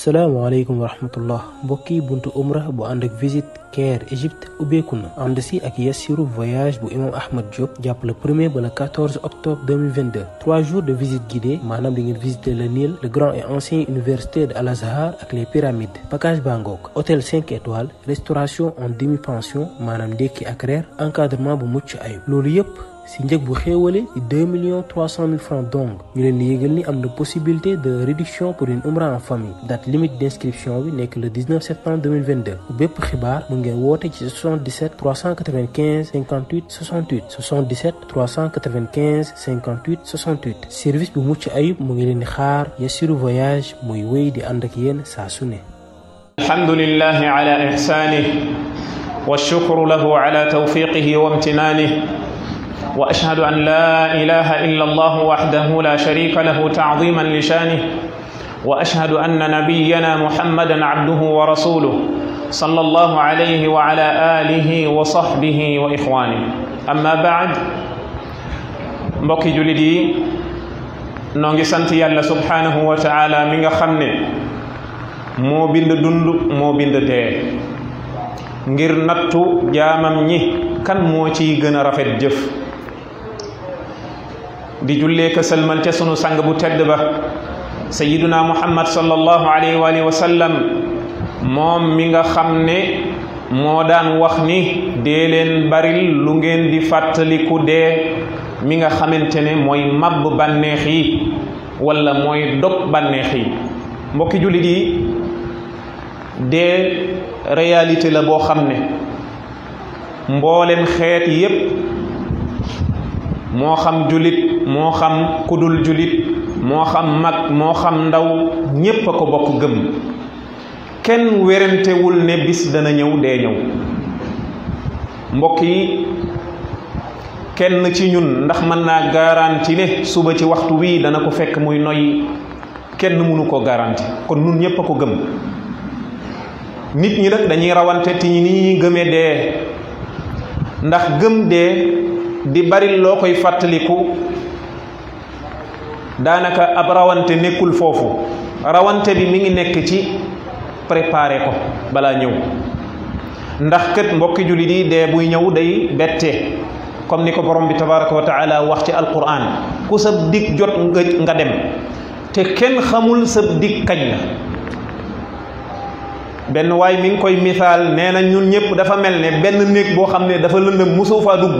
Salam aleykoum wa rahmatullah mbokki buntu Omrah bu ànd ak visite Caire Égypte ubbeeku na ànd si ak Yassiru voyage bu imam Ahmed Diop diap le premier ba le 14 octobre 2022 3 jours de visite guidée manam di ngeen visiter le Nil le grand et ancien université de Al-Azhar ak les pyramides package Bangkok hôtel 5 étoiles restauration en demi pension manam ndékki ak reer encadrement bu mucc ayib lolu si njëg bu 2 millions 300 mille francs donc ñu y a yëgal ni am possibilité de réduction pour une ombre en famille date limite d'inscription n'est que le 19 septembre 2022 bu bépp xibaar mu ngeen 77 395 58 68 77 395 58 68 service bu mucc ayib mu ngi leen di xaar Voyage muy wéy di ànd ak yéen saa su ala lahu ala tawfiqihi واشهد ان لا اله الا الله وحده لا شريك له تعظيما لشانه واشهد ان نبينا محمدا عبده ورسوله صلى الله عليه وعلى اله وصحبه واخوانه اما بعد مبكي جلدي نونجي سانت يالا سبحانه وتعالى من خامني مو بيند دوند مو بيند دي غير ناتو جامام ني كان مو تي غنا رافيت جيف di jullee ka ca sunu sang bu tedd ba sayiduna muhammad sallallahu alayhi wa alihi moom mi nga xam ne moo daan wax ni dee leen baril lu ngeen di fàttaliku dee mi nga xamante ne mooy mabb bànneex yi wala mooy dog bànneex yi mbokki jullit yi dee réalité la boo xam ne mbooleem xeet yépp mo xam julit mo xam kudul julit mo xam mag mo xam ndaw ñepp ko bokk gëm kenn wul ne bis dana ñew dé ñew mbokk yi kenn ci ñun ndax man na garanti ne suba ci waxtu wi dana ko fekk muy noy kenn mënu ko garanti kon nun ñepp ko gëm nit ñi nak dañuy rawante ti ni ñi gëmé dé ndax gëm dé di bari loo koy fàttaliku daanaka ab rawante nekkul foofu rawante bi mi ngi nekk ci préparé ko balaa ñëw ndax kët mbokki jullit yi dee buy ñëw day bettee comme ni ko borom bi tabaraka wa wax ci alquran ku sab dig jot nga nga dem te kenn xamul sab dig kañ la benn waay mi ngi koy misaal nee na ñun ñëpp dafa mel ne benn néeg boo xam ne dafa lëndëm musoo dugg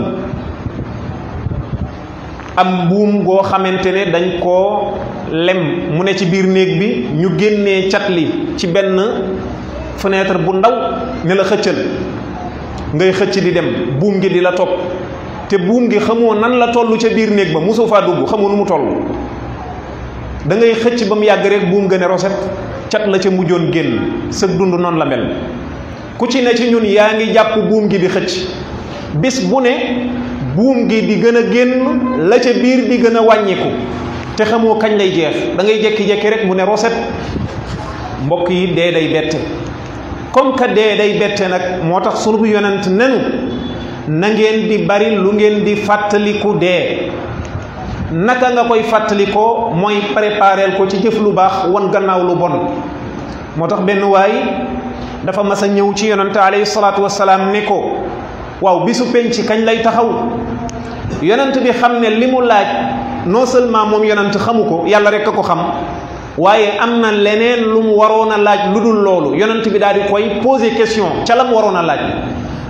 am buum goo xamante ne dañ koo lem mu ne ci biir néeg bi ñu génnee cat li ci benn fenêtre bu ndaw ne la xëccal ngay xëcc di dem buum gi di la topp te buum gi xamoo nan la toll ca biir néeg ba mosoo faa dugg xamoo lu mu toll dangay xëcc ba mu yàgg rek buum gën a roset cat la ca mujjoon génn sëg dund noonu la mel ku ci ne ci ñun yaa ngi jàpp buum gi di xëcc bis bu ne buum gi di gën a génn la ca biir di gën a wàññiku te xamoo kañ lay jeex da ngay jekki-jekki rek mu ne roset mbokk yi dee day bette comme que dee day bette nag moo tax sunu bu yonent nenu na di bari lu ngeen di fàttaliku dee naka nga koy fàttalikoo mooy prépareel ko ci jëf lu baax wan gannaaw lu bon moo tax benn waay dafa ma sa ñëw ci yonent alayhi salaatu wasalaam ne ko waaw bisu penc kañ lay taxaw yonent bi xam ne li mu laaj non seulement moom yonent xamu ko yàlla rek a ko xam waaye am na leneen lu mu waroon a laaj lu dul loolu yonent bi daal di koy poser question ca la mu waroon a laaj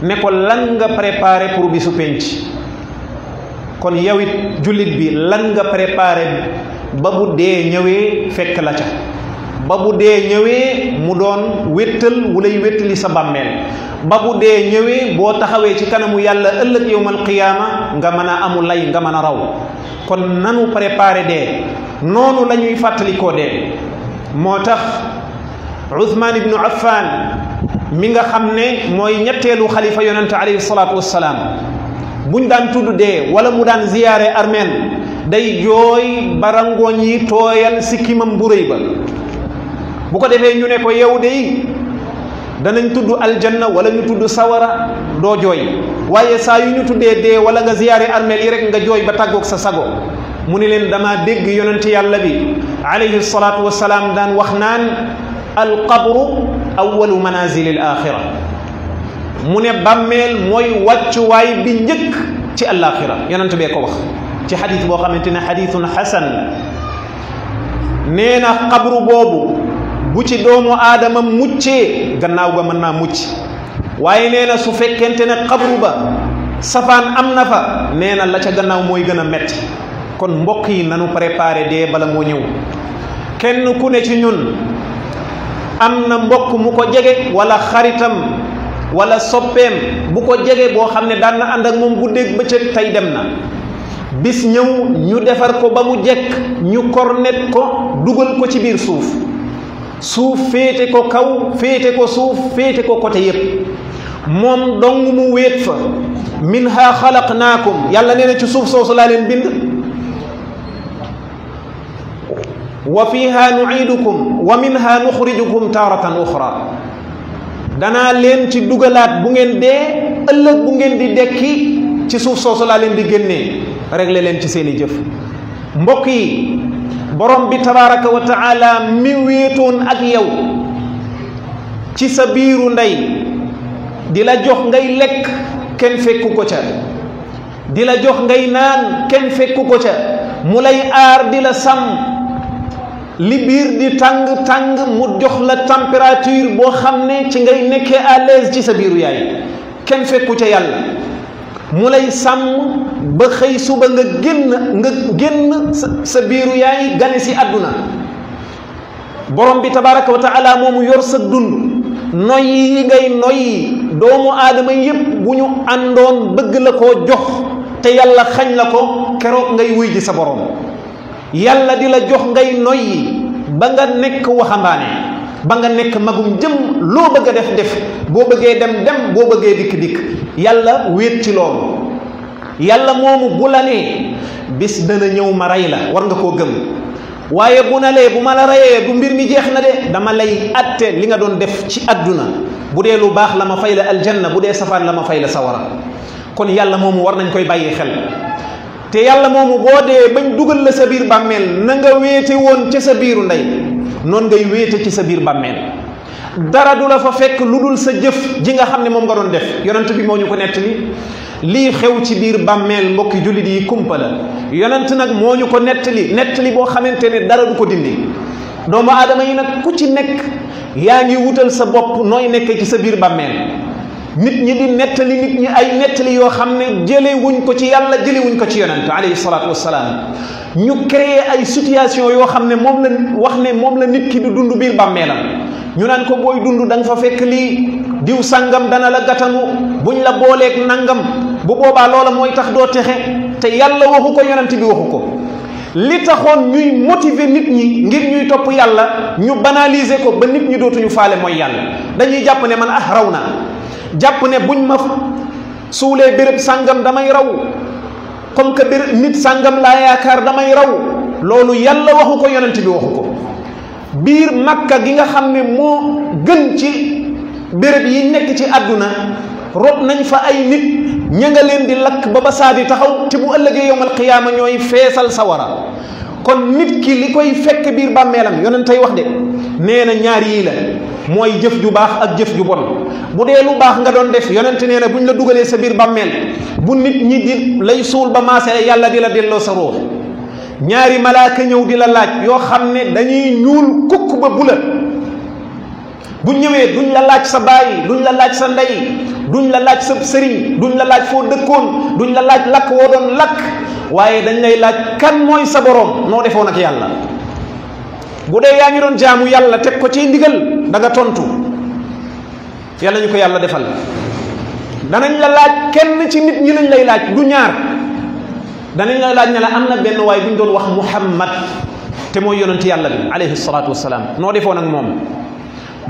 ne ko lan nga préparé pour su penc kon yow it jullit bi lan nga préparé ba bu dee ñëwee fekk la ca ba bu dee ñëwee mu doon wéttal wu lay wéttali sa bàmmeel ba bu dee ñëwee boo taxawee ci kanamu yàlla ëllëg yowmal qiyaama nga mën a amul lay nga mën a raw kon nanu préparé de noonu lañuy fàttalikoo de moo tax Uthman ibnu mi nga xam ne mooy ñetteelu xalifa yonente alayhi salaatu wassalaam buñ daan tudd dee wala mu daan ziyaare armeel day jooy barangooñ yi tooyal sikkimam bu rëy ba bu ko defee ñu ne ko yow de yi danañ tudd aljanna wala ñu tudd sawara doo joy waaye saa yu ñu tuddee dee wala nga ziyaare armeel yi rek nga jooy ba tàggoog sa sago mu ni leen damaa dégg yonent yàlla bi alayhi salaatu wasalaam daan wax naan alqabru awalu manazili al axira mu ne bàmmeel mooy wàccuwaay bi njëkk ci al'axira yonent bee ko wax ci xadis boo xamante ne xadisun xasan nee na boobu bu ci doomu aadama muccee gannaaw ba mën naa mucc waaye nee na su fekkente ne xabru ba safaan am na fa nee na la ca gannaaw mooy gën a metti kon mbokk yi nanu préparé dee bala moo ñëw kenn ku ne ci ñun am na mbokk mu ko jege walla xaritam walla soppeem bu ko jege boo xam ne daan na ànd ak moom guddeeg bëccëg tey dem na bis ñëw ñu defar ko ba mu jekk ñu kornet ko dugal ko ci biir suuf suuf féete ko kaw féete ko suuf féete ko côté yépp moom dong mu wéet fa minha xalaqnaakum yàlla nee ci suuf soosu laa leen bind wa fiha nuidukum wa minha nuxrijukum taaratan uxra danaa leen ci dugalaat bu ngeen dee ëllëg bu ngeen di dekki ci suuf soosu laa leen di génnee réglé leen ci seeni jëf mbokk yi borom bi tabaraka wa taala mi wéetoon ak yow ci sa biiru ndey di la jox ngay lekk kenn fekku ko ca di la jox ngay naan kenn fekku ko ca mu lay aar di la sàmm li biir di tàng tàng mu jox la température boo xam ne ci ngay nekkee à ci sa biiru yaay kenn fekku ca yàlla mu lay sàmm ba xëy suba nga génn nga génn sa biiru yaay gane si àdduna borom bi tabaraka wa taala moomu yor sa dund noyyi yi ngay noyyi doomu aadama yépp bu ñu àndoon bëgg la koo jox te yàlla xañ la ko keroog ngay wuy ji sa borom yàlla di la jox ngay noyyi ba nga nekk waxambaane ba nga nekk magum jëm loo bëgg def def boo bëggee dem dem boo bëggee dikk dikk yàlla wéet ci loolu yàlla moomu bu la nee bis dana ñëw ma rey la war nga koo gëm waaye bu na bu ma la reyee bu mbir mi jeex na de dama lay atte li nga doon def ci àdduna bu dee lu baax la ma fay la aljanna bu dee safaan la ma fay la sawara kon yàlla moomu war nañ koy bàyyi xel te yàlla moomu boo dee bañ dugal la sa biir bàmmeel na nga wéete woon ca sa biiru ndey noonu ngay wéete ci sa biir bàmmeel dara du la fa fekk lu dul sa jëf ji nga xam ne moom nga doon def yonent bi moo ñu ko nettali lii xew ci biir bàmmeel mbokki jullit yi kumpa la yonent nag moo ñu ko nettali nettali boo xamante ne dara du ko dindi doomu aadama yi nag ku ci nekk yaa ngi wutal sa bopp nooy nekk ci sa biir bàmmeel nit ñi di nettali nit ñi ay nettali yoo xam ne jële ko ci yàlla jële wuñ ko ci yonent alayhi salaatu wassalaam ñu créer ay situation yoo xam ne moom la wax ne moom la nit ki di dund biir bàmmeelam ñu naan ko booy dund da nga fa fekk lii diw sangam dana la gatanu buñ la booleek nangam bu boobaa loola mooy tax doo texe te yàlla waxu ko yonent bi waxu ko li taxoon ñuy motiver nit ñi ngir ñuy topp yàlla ñu banaliser ko ba nit ñi dootuñu faale mooy yàlla dañuy jàpp ne man ah raw naa jàpp ne buñ ma suulee béréb sàngam damay raw comme que béréb nit sàngam laa yaakaar damay raw loolu yàlla waxu ko yonent bi waxu ko biir makka gi nga xam ne moo gën ci béréb yi nekk ci àdduna rob nañ fa ay nit ña nga leen di lakk ba ba saa taxaw te bu ëllëgee yowmal qiyaama ñooy feesal sawara kon nit ki li koy fekk biir bàmmeelam yonentay wax de nee na ñaar yii la mooy jëf ju baax ak jëf ju bon bu dee lu baax nga doon def yonent nee na bu ñu la dugalee sa biir bàmmeel bu nit ñi di lay suul ba maasee yàlla di la delloo sa ruux ñaari malaaka ñëw di la laaj yoo xam ne dañuy ñuul kukk ba bula bu ñëwee duñ la laaj sa baay duñ la laaj sa ndey duñ la laaj sa sëriñ duñ la laaj foo dëkkoon duñ la laaj lakk woo doon lakk waaye dañ lay laaj kan mooy sa boroom noo defoon nag yàlla bu dee yaa ngi doon jaamu yàlla teg ko da tontu yàlla ñu ko yàlla defal danañ la laaj kenn ci nit ñi lañ lay laaj du ñaar danañ la laaj ne la am na benn waay bu ñu doon wax muhammad te mooy yonent yàlla bi alayhi salaatu wasalaam noo defoon ak moom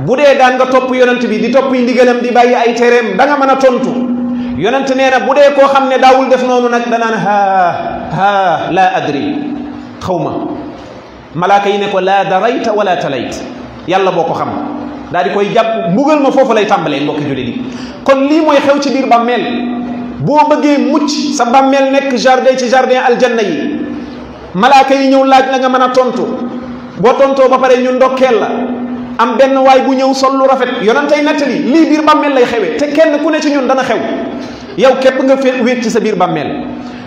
bu dee daan nga topp yonent bi di topp ndigalam di bàyyi ay tereem danga nga mën a tontu yonent nee na bu dee koo xam ne daawul def noonu nag danaan haa haa laa adri xaw ma malaaka yi ne ko laa darayta wala talayt yàlla boo ko xam daal di koy jàpp mbugal ma foofu lay tàmbalee mbokki jullit yi kon lii mooy xew ci biir bàmmeel boo bëggee mucc sa bàmmeel nekk jardin ci jardin aljanna yi malaaka yi ñëw laaj la nga mën a tontu boo tontoo ba pare ñu ndokkeel la am benn waay bu ñëw sol lu rafet yonantay nettali lii biir bàmmeel lay xewe te kenn ku ne ci ñun dana xew yow képp nga fee wéet ci sa biir bàmmeel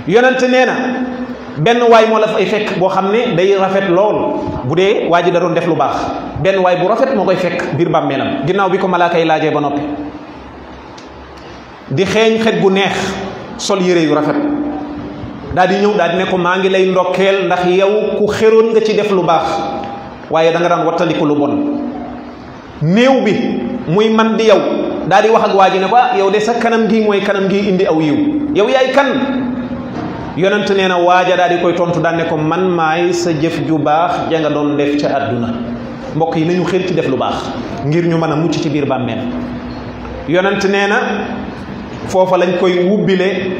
yonante nee na benn waay moo la ay fekk boo xam ne day rafet lool bu dee waa ji da doon def lu baax benn waay bu rafet moo koy fekk biir bàmmeelam ginnaaw bi ko malaaka laajee ba noppi di xeeñ xet gu neex sol yére yu rafet daal di ñëw daal di ne ko maa ngi lay ndokkeel ndax yow ku xéroon nga ci def lu baax waaye danga daan wattaliku lu bon néew bi muy man di yow daal di wax ak waa ji ne ko ah yow de sa kanam gi mooy kanam gi indi aw yiw yow yaay kan yonent nee na waaja daal koy tontu daan ko man maay sa jëf ju baax ja doon def ca àdduna mbokk yi nañu xër ci def lu baax ngir ñu mën a mucc ci biir bàmmeel yonent nee na foofa lañ koy wubbile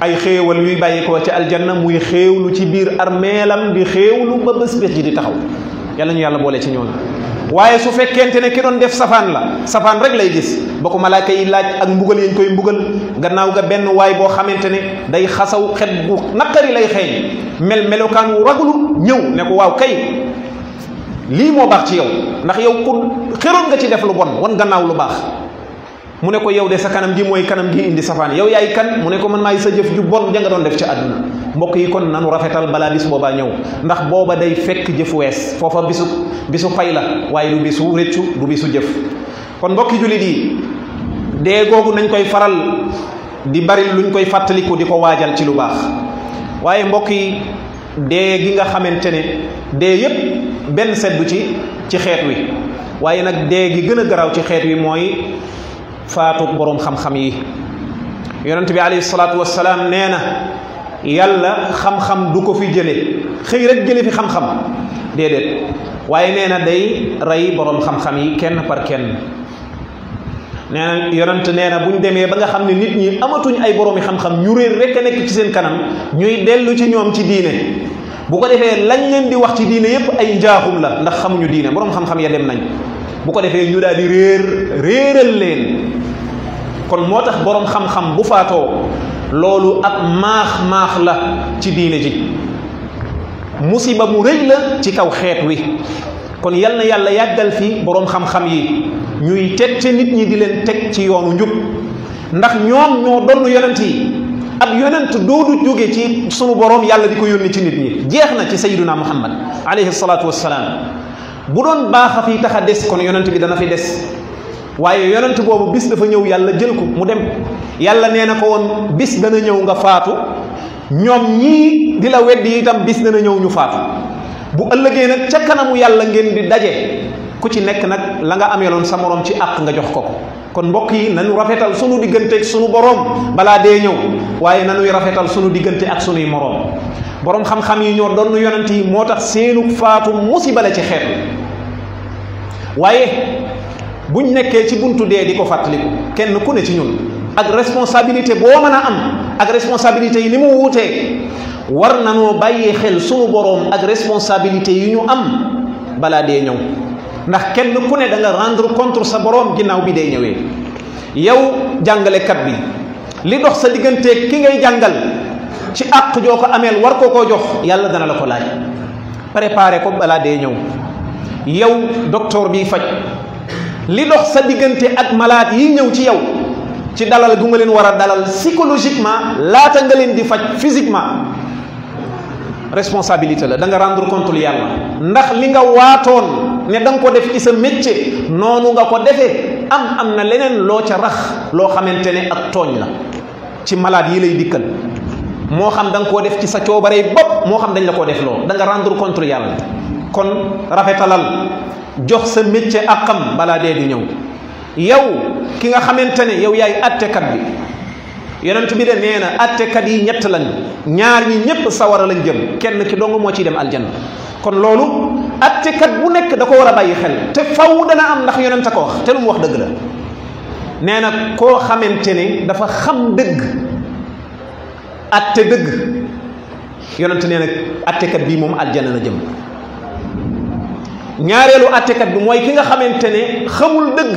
ay xéewal yuy bàyyi ko ca aljanna muy xéewlu ci biir armeelam di xéewlu ba bés bés ji di taxaw yàlla ñu yàlla boole ci ñooñu waaye su fekkente ne ki doon def safaan la safaan rek lay gis ba ko malaaka yi laaj ak mbugal yañ koy mbugal gannaaw ga benn waay boo xamante ne day xasaw xet bu naqari lay xeeñ mel melokaan wu raglu ñëw ne ko waaw kay lii moo baax ci yow ndax yow ku xeroon nga ci def lu bon wan gannaaw lu baax mu ne ko yow de sa kanam gi moy kanam gi indi safane yow yaay kan mu ne ko man may sa jëf ju bon jang nga doon def ci aduna mbokk yi kon nanu rafetal balaa bis booba ndax boba day fekk jëf wess fofa bisu bisu fay la waaye du bisu reccu du bisu jëf kon mbokki julit yi dee gogu nañ koy faral di bari luñ koy fàttaliku di ko waajal ci lu bax waye mbokk yi de gi nga xamantene ne dee ben benn seddu ci ci xeet wi waye nak gi gëna graw ci wi moy faatug boroom xam-xam yi yonent bi alayhi salaatu wasalaam nee na yàlla xam-xam du ko fi jële xëy rek jële fi xam-xam déedéet waaye nee na day rey boroom xam-xam yi kenn par kenn nee na yonent nee na bu ñu demee ba nga xam ne nit ñi amatuñ ay boroomi xam-xam ñu réer rek a nekk ci seen kanam ñuy dellu ci ñoom ci diine bu ko defee lañ leen di wax ci diine yépp ay njaaxum la ndax xamuñu diine boroom xam-xam ya dem nañ bu ko defee ñu daal di réer réeral leen kon moo tax boroom xam-xam bu faatoo loolu ak maax-maax la ci diine ji musiba mu rëy la ci kaw xeet wi kon yal na yàlla yàggal fi boroom xam-xam yi ñuy tette nit ñi di leen teg ci yoonu njub ndax ñoom ñoo donn yonent yi ab yonent doodu jóge ci sunu boroom yàlla di ko yónni ci nit ñi jeex na ci sayyiduna muhammad alayhi salaatu wassalaam bu doon baax a fi tax a des kon yonent bi dana fi des waaye yonent boobu bis dafa ñëw yàlla jël ko mu dem yàlla nee na ko woon bis dana ñëw nga faatu ñoom ñii di la weddi itam bis dana ñëw ñu faatu bu ëllëgee nag ca kanamu yàlla ngeen di daje ku ci nekk nag la nga amee ameeloon sa morom ci àq nga jox ko ko kon mbokk yi nañu rafetal sunu diggante ak sunu boroom balaa dee ñëw waaye na nañuy rafetal sunu diggante ak sunuy moroom boroom xam-xam yi ñoo doon yonent yi moo tax seenu faatu musiba la ci xeet bu ñu nekkee ci buntu dee di ko fàttaliku kenn ku ne ci ñun ak responsabilité boo mën a am ak responsabilité yi ni mu wutee war na nañoo bàyyi xel suñu boroom ak responsabilité yi ñu am balaa dee ñëw ndax kenn ku ne da rendre contre sa borom ginnaaw bi dee ñëwee yow jàngalekat bi li dox sa diggante ki ngay jàngal ci àq joo ko ameel war ko koo jox yàlla dana la ko laaj préparer ko balaa dee ñëw yow docteur bi faj li dox sa diggante ak malaat yi ñëw ci yow ci dalal bu nga leen war a dalal psychologiquement laata nga leen di faj physiquement responsabilité la da nga rendre compte yàlla ndax li nga waatoon ne da nga ko def ci sa métier noonu nga ko defee am am na leneen loo ca rax loo xamante ne ak tooñ la ci malaat yi lay dikkal moo xam danga nga koo def ci sa coobarey bopp moo xam dañ la koo def loo da nga rendre compte yàlla kon rafetalal jox sa métier àqam balaa dee di ñëw yow ki nga xamante ne yow yaay attekat bi yonent bi de nee na attekat yi ñett lañ ñaar ñi ñépp sawara lañ jëm kenn ki dong moo ciy dem aljanna kon loolu attekat bu nekk da ko war a bàyyi xel te faw dana am ndax yonent a ko wax te lu mu wax dëgg la nee na koo xamante ne dafa xam dëgg atte dëgg yonent nee na attekat bii moom aljanna la jëm ñaareelu attekat bi mooy ki nga xamante ne xamul dëgg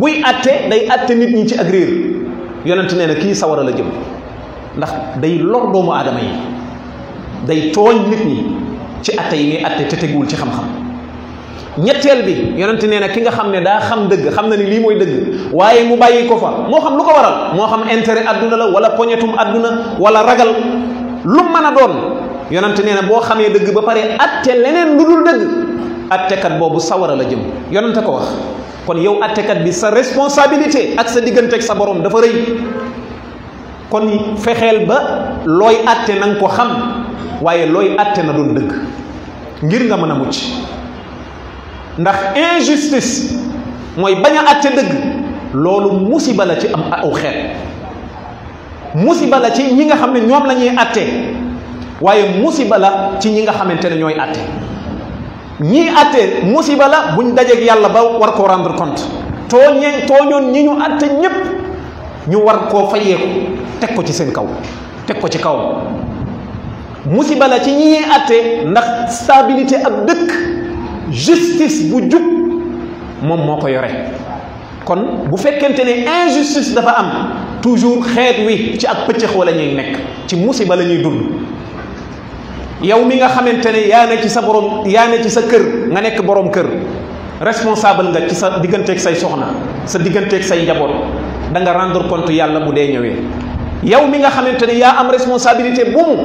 buy atte day atte nit ñi ci ak réer yonent nee na kii la jëm ndax day lor doomu aadama day tooñ nit ñi ci atte yi muy ci xam-xam bi yonent nee na ki nga xam ne daa xam dëgg xam na ni lii mooy dëgg waaye mu bàyyi ko fa moo xam lu ko waral moo xam intérêt adduna la wala poñetum adduna wala ragal lu mën a doon yonent nee na boo xamee dëgg ba pare atte leneen lu dul dëgg attekat bobu sawara la jëm yonent ko wax kon yow attekat bi sa responsabilité ak sa digënté ak sa borom dafa reuy kon fexel ba loy atté nang ko xam waye loy atté na doon deug ngir nga mëna mucc ndax injustice moy baña atté deug lolu musiba la ci am aw xet musiba la ci ñi nga xam ñom lañuy atté waye musiba la ci ñi nga xamantene ñoy atté ñii àtte musiba la buñ dajeeg yàlla ba war koo rendre compte tooñee tooñoon ñi ñu àtte ñépp ñu war koo fayeeku teg ko ci seen kaw teg ko ci kaw musiba la ci ñi àtte ndax stabilité ak dëkk justice bu jub moom moo ko yore kon bu fekkente ne injustice dafa am toujours xeet wi ci ak pëccëx wala ñuy nekk ci musiba la ñuy dund yow mi nga xamantene ya na ci sa borom ya na ci sa kër nga nek borom kër responsable nga ci sa digënté ak say soxna sa digënté ak say njaboot da nga rendre compte yalla bu dee ñëwee yow mi nga xamantene ya am responsabilité bu mu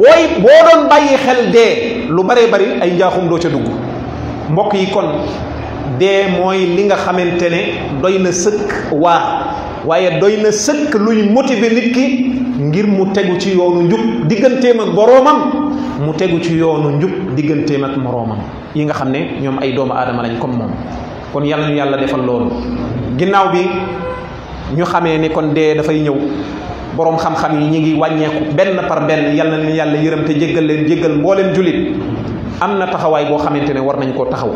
boy bo doon bayyi xel dee lu bari bari ay njaaxum do ca dugg mbokk yi kon de moy li nga xamantene doyna doy wa waye doyna waaye doy luy motiver nit ki ngir mu teggu ci yoonu njub digganteem ak boroomam mu tegu ci yoonu njub digganteem ak moroomam yi nga xam ne ñoom ay doomu aadama lañ comme moom kon yàlla ñu yàlla defal loolu ginnaaw bi ñu xamee ne kon dee dafay ñëw boroom xam-xam yi ñu ngi wàññeeku benn par benn yàlla na te jéggal leen jéggal mbooleem am na taxawaay boo xamante ne war nañ koo taxaw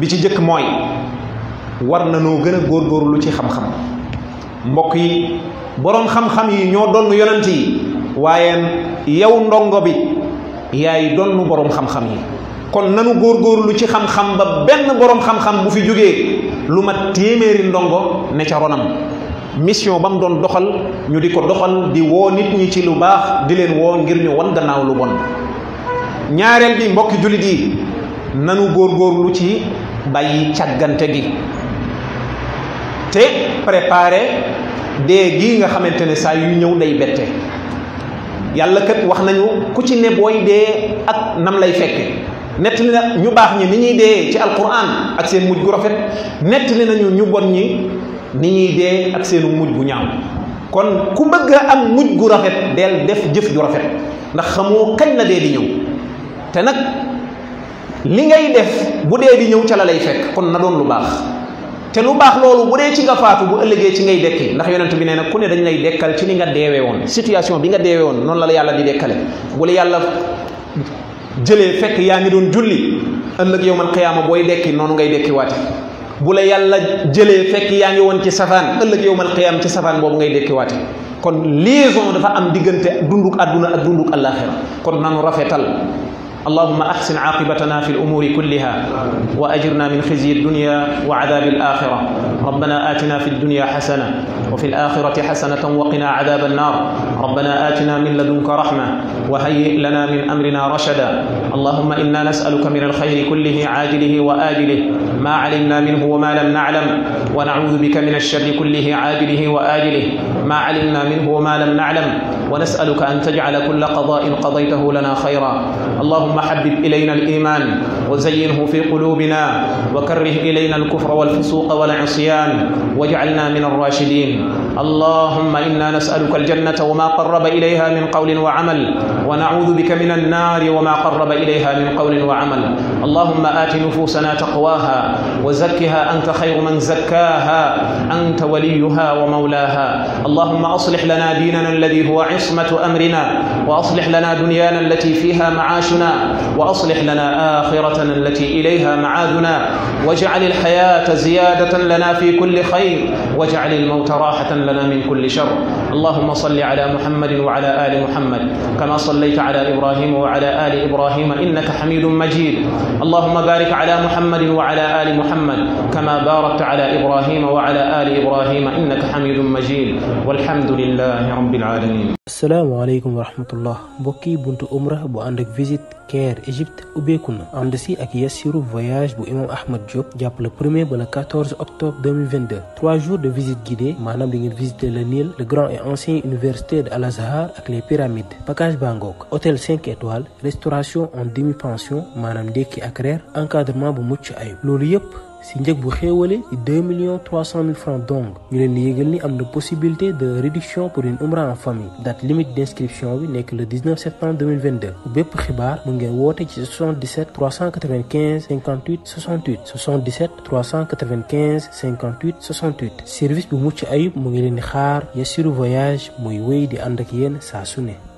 bi ci jëkk mooy war na noo gën a góorgóorlu ci xam yi boroom xam-xam yi ñoo doon yonent yi waaye yow ndongo bi yaay donnu boroom xam-xam yi kon nanu góorlu ci xam-xam ba benn boroom xam-xam bu fi jógee lu mat téeméeri ndongo ne ca ronam mission ba mu doon doxal ñu di ko doxal di woo nit ñi ci lu baax di leen woo ngir ñu wan gannaaw lu bon ñaareel bi mbokki jullit yi nanu góorgóorlu ci bàyyi càggante gi te préparé dee gi nga xamante ne saa yu ñëw day bette yàlla kat wax nañu ku ci ne booy dee ak nam lay fekke nettali na ñu baax ñi ni ñuy dee ci alquran ak seen mujj gu rafet nettali nañu ñu bon ñi ni ñuy dee ak seenu mujj gu ñaaw kon ku bëgg a am mujj gu rafet del def jëf ju rafet ndax xamoo kañ la dee di ñëw te nag li ngay def bu dee di ñëw ca la lay fekk kon na doon lu baax te lu baax loolu bu dee ci nga faatu bu ëllëgee ci ngay dekki ndax yonent bi nee na ku ne dañ lay dekkal ci ni nga deewee woon situation bi nga deewee woon noonu la la yàlla di dekkale bu la yàlla jëlee fekk yaa ngi doon julli ëllëg yow man xiyaama booy dekki noonu ngay dekki bu la yàlla jëlee fekk yaa ngi woon ci safaan ëllëg yow mal qiyaam ci safaan boobu ngay dekki waate kon liaison dafa am diggante dunduk àdduna ak dunduk àllaaxira kon nanu rafetal اللهم أحسن عاقبتنا في الأمور كلها وأجرنا من خزي الدنيا وعذاب الآخرة ربنا آتنا في الدنيا حسنة وفي الآخرة حسنة وقنا عذاب النار ربنا آتنا من لدنك رحمة وهيئ لنا من أمرنا رشدا اللهم إنا نسألك من الخير كله عاجله وآجله ما علمنا منه وما لم نعلم ونعوذ بك من الشر كله عاجله وآجله ما علمنا منه وما لم نعلم ونسألك أن تجعل كل قضاء قضيته لنا خيرا اللهم حبب إلينا الإيمان وزينه في قلوبنا وكره إلينا الكفر والفسوق والعصيان واجعلنا من الراشدين اللهم إنا نسألك الجنة وما قرب إليها من قول وعمل ونعوذ بك من النار وما قرب إليها من قول وعمل اللهم آت نفوسنا تقواها وزكها أنت خير من زكاها أنت وليها ومولاها اللهم أصلح لنا ديننا الذي هو عصمة أمرنا وأصلح لنا دنيانا التي فيها معاشنا وأصلح لنا آخرتنا التي إليها معادنا واجعل الحياة زيادة لنا في كل خير واجعل الموت راحة لنا من كل شر اللهم صل على محمد وعلى ال محمد كما صليت على ابراهيم وعلى ال ابراهيم انك حميد مجيد اللهم بارك على محمد وعلى ال محمد كما باركت على ابراهيم وعلى ال ابراهيم انك حميد مجيد والحمد لله رب العالمين السلام عليكم ورحمه الله بوكي بنت أمره bu فيزيت Caire Égypte ubbeeku Andessi ànd Yassirou voyage pour imam Ahmed Diop le le premier le 14 octobre 2022 trois jours de visite guidée Madame di visiter le Nil le grand et ancien université de Al Azhar avec les pyramides package Bangkok hôtel 5 étoiles restauration en demi pension Madame Deki ak encadrement pour mucc Ayu si bu xéewale ci millions trois francs donc ñu leen di ni am na possibilité de réduction pour une umra en famille date limite d'inscription bi nekk le 19 septembre 2022 bépp xibaar mu ngeen woote ci 77 395 58 68 77 395 58 68 service bu mucc ayib mu ngi leen di xaar Yassirou Voyage muy wéy di ànd ak yéen saa su ne